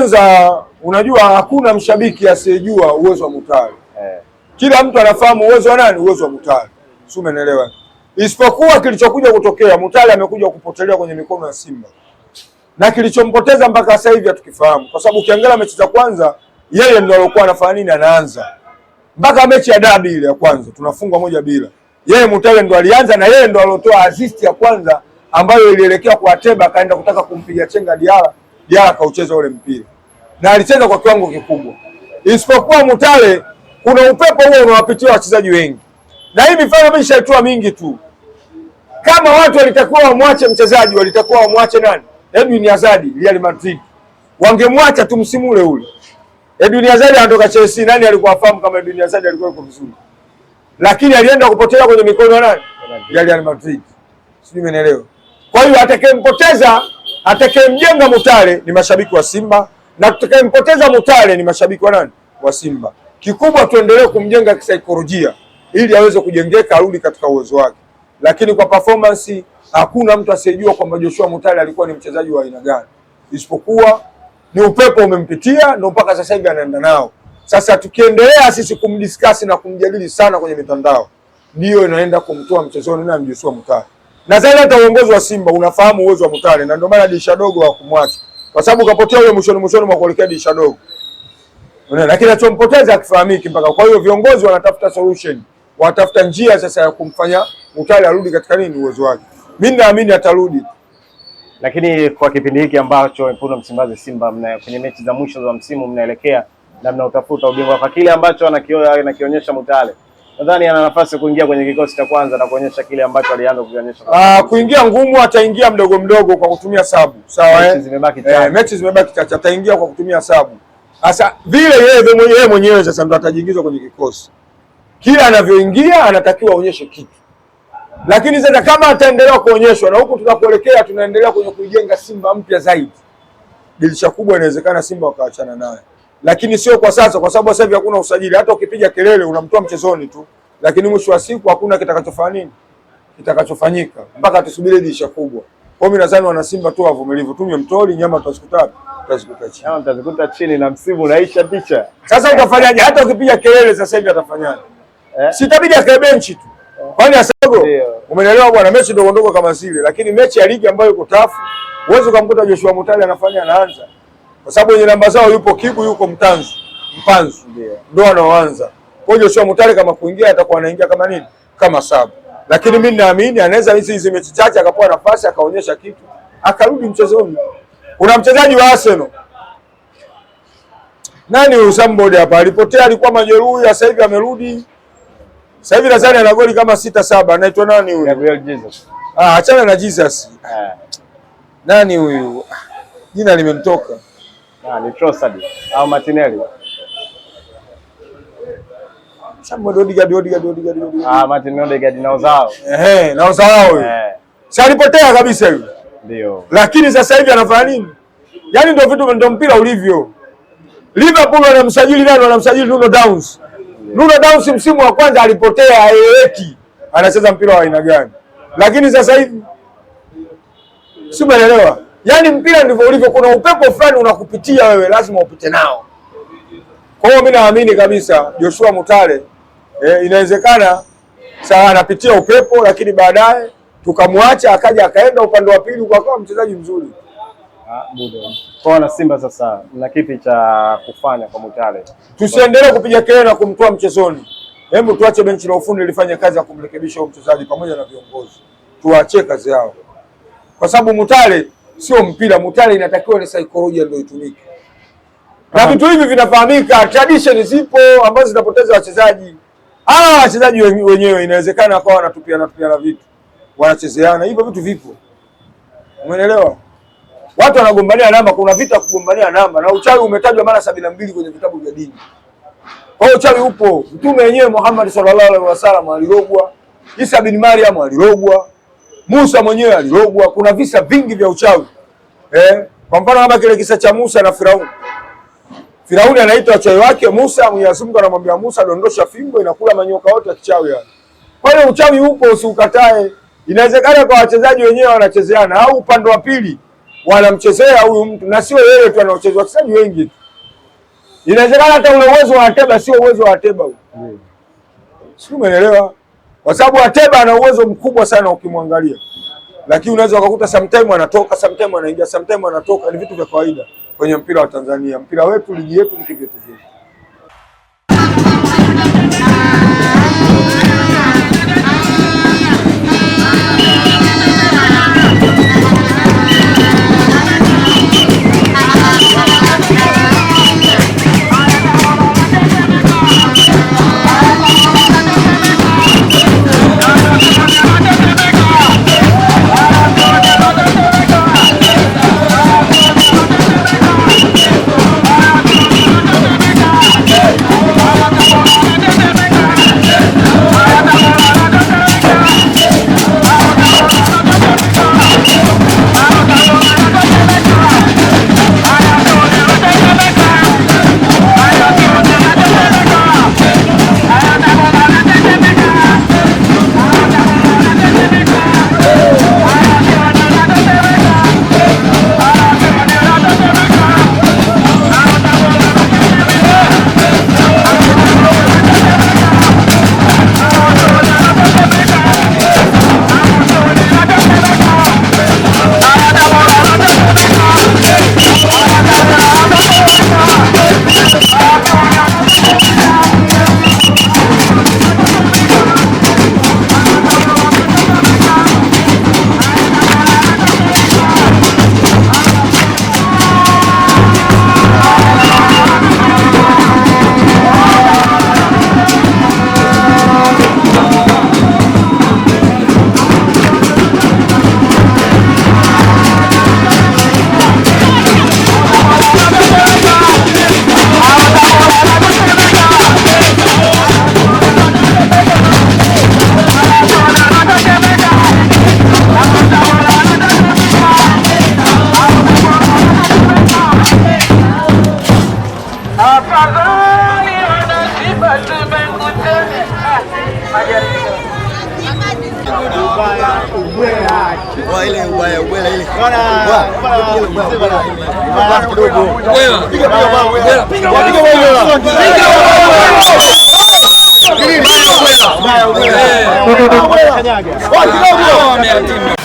Kwanza unajua hakuna mshabiki asiyejua uwezo wa Mutale eh. Kila mtu anafahamu uwezo wa nani, uwezo wa Mutale, si umeelewa? Isipokuwa kilichokuja kutokea, Mutale amekuja kupotelea kwenye mikono ya Simba na kilichompoteza mpaka sasa hivi hatukifahamu, kwa sababu ukiangalia mechi za kwanza yeye ndo alikuwa anafanya nini, anaanza mpaka mechi ya dabi ile ya kwanza tunafungwa moja bila, yeye Mutale ndo alianza na yeye ndo alotoa assist ya kwanza ambayo ilielekea kwa Ateba akaenda kutaka kumpiga chenga Diara Yara akaucheza ule mpira na alicheza kwa kiwango kikubwa, isipokuwa Mutale kuna upepo huo unawapitia wachezaji wengi, na hii mifano mimi shaitoa mingi tu. Kama watu walitakiwa wamwache mchezaji, walitakiwa wamwache nani? Edwin Azadi Real Madrid, wangemwacha tu msimu ule ule. Edwin Azadi anatoka Chelsea, nani alikuwa afahamu kama Edwin Azadi alikuwa yuko vizuri? Lakini alienda kupotea kwenye mikono ya nani? Real Madrid. Sijui umeelewa. Kwa hiyo atakayempoteza atakayemjenga Mutale ni mashabiki wa Simba na atakayempoteza Mutale ni mashabiki wa nani? Wa Simba. Kikubwa tuendelee kumjenga kisaikolojia ili aweze kujengeka, arudi katika uwezo wake. Lakini kwa performance, hakuna mtu asiyejua kwamba Joshua Mutale alikuwa ni mchezaji wa aina gani, isipokuwa ni upepo umempitia, ndio mpaka sasa hivi anaenda nao. Sasa tukiendelea sisi kumdiskasi na kumjadili sana kwenye mitandao, ndiyo inaenda kumtoa mchezoni na Joshua Mutale. Nadhani hata uongozi wa Simba unafahamu uwezo wa Mutale na ndio maana dirisha dogo kumwacha. Kwa sababu kapotea yule mwishoni mwishoni mwa kuelekea dirisha dogo. Lakini alichompoteza akifahamiki mpaka. Kwa hiyo viongozi wanatafuta solution, wanatafuta njia sasa ya kumfanya Mutale arudi katika nini uwezo wake. Mimi naamini atarudi. Lakini kwa kipindi hiki ambacho Wekundu Msimbazi Simba mna kwenye mechi za mwisho za msimu mnaelekea na mnautafuta ubingwa kwa kile ambacho anakionyesha Mutale nadhani ana nafasi kuingia kwenye kikosi cha kwanza na kuonyesha kile ambacho alianza kuonyesha. Ah, kuingia ngumu, ataingia mdogo mdogo kwa kutumia sabu. Sawa, eh? mechi zimebaki eh, chache, eh, mechi zimebaki chache, ataingia kwa kutumia sabu. Sasa vile yeye mwenyewe sasa ndo atajiingizwa kwenye kikosi, kila anavyoingia anatakiwa aonyeshe kitu, lakini sasa kama ataendelea kuonyeshwa, na huku tunakuelekea, tunaendelea kwenye kuijenga Simba mpya zaidi, dirisha kubwa, inawezekana Simba wakaachana naye lakini sio kwa sasa, kwa sababu sasa hivi hakuna usajili. Hata ukipiga kelele unamtoa mchezoni tu, lakini mwisho wa siku hakuna kitakachofanya nini, kitakachofanyika mpaka tusubiri dirisha kubwa. Kwa hiyo nadhani wana Simba tu wavumilivu, tunywe mtori nyama, tutazikuta tutazikuta chini, nyama tutazikuta chini, na msimu unaisha. Picha sasa utafanyaje? Hata ukipiga kelele sasa hivi atafanyaje? Eh, sitabidi akae benchi tu, oh. kwani asago. Umeelewa bwana, mechi ndogo ndogo kama zile, lakini mechi ya ligi ambayo iko tafu, huwezi kumkuta Joshua Mutale anafanya anaanza kwa sababu wenye namba zao yupo Kibu, yuko Mtanzu, Mpanzu ndio wanaoanza. Kwa hiyo Joshua Mutale kama kuingia atakuwa anaingia kama nini, kama saba, lakini mimi naamini anaweza hizi hizi mechi chache akapewa nafasi akaonyesha kitu akarudi mchezoni. Kuna mchezaji wa Arsenal nani huyu Sambodi hapa alipotea, alikuwa majeruhi, sasa hivi amerudi. Sasa hivi nadhani ana goli kama sita saba. Anaitwa nani huyu? Gabriel Jesus. Ah, achana na Jesus. Ah. Nani huyu? Ah, jina limemtoka. Ah, ni Trossard au Martinelli? Odegaard, Odegaard, Odegaard. Ah, Martin Odegaard na uzao. Eh, na uzao huyo. Eh. Si alipotea kabisa yule. Ndio. Lakini sasa hivi anafanya nini? Yaani ndio vitu ndio mpira ulivyo. Liverpool wanamsajili nani? Wanamsajili Nuno Downs. Yeah. Nuno Downs msimu wa kwanza alipotea, haeleweki anacheza mpira wa aina gani, lakini sasa hivi si umeelewa. Yaani mpira ndivyo ulivyo, kuna upepo fulani unakupitia wewe, lazima upite nao. Kwa hiyo mimi naamini kabisa Joshua Mutale eh, inawezekana sawa anapitia upepo, lakini baadaye tukamwacha akaja akaenda upande wa pili ukawa mchezaji mzuri. Ah, kwa wana Simba sasa, na kipi cha kufanya kwa Mutale? Tusiendelee kupiga kelele na kumtoa mchezoni. Hebu tuache benchi la ufundi lifanye kazi ya kumrekebisha huyo mchezaji pamoja na viongozi, tuwaachie kazi yao, kwa sababu Mutale sio mpira. Mutale inatakiwa ni saikolojia ndio itumike, na vitu hivi vinafahamika, tradition zipo ambazo zinapoteza wachezaji. Ah, wachezaji wenyewe inawezekana kwa wanatupiana na vitu, wanachezeana hivyo vitu vipo, umeelewa? Watu wanagombania namba, kuna vita kugombania namba, na uchawi umetajwa mara sabini na mbili kwenye vitabu vya dini. Kwa hiyo uchawi upo. Mtume wenyewe Muhammad sallallahu alaihi wasallam alirogwa, Isa bin Maryam alirogwa Musa mwenyewe alirogwa. Kuna visa vingi vya uchawi eh? Kwa mfano kama kile kisa cha Musa na Firauni. Firauni anaitwa wachawi wake, Musa Mwenyezi Mungu anamwambia Musa, dondosha fimbo inakula manyoka wote ya kichawi yani. Kwa hiyo uchawi upo, usiukatae. Inawezekana kwa wachezaji wenyewe wanachezeana, au upande wa pili wanamchezea huyu mtu, na sio yeye tu anaocheza, wachezaji wengi tu. Inawezekana hata ule uwezo wa Ateba sio uwezo wa Ateba huyo, mm. sio umeelewa? kwa sababu Ateba ana uwezo mkubwa sana ukimwangalia, lakini unaweza ukakuta sometime anatoka, sometime anaingia, sometime anatoka. Ni vitu vya kawaida kwenye mpira wa Tanzania. Mpira wetu, ligi yetu, ni vitu vyetu. kwa ile ubaya ubela ile kidogo. Piga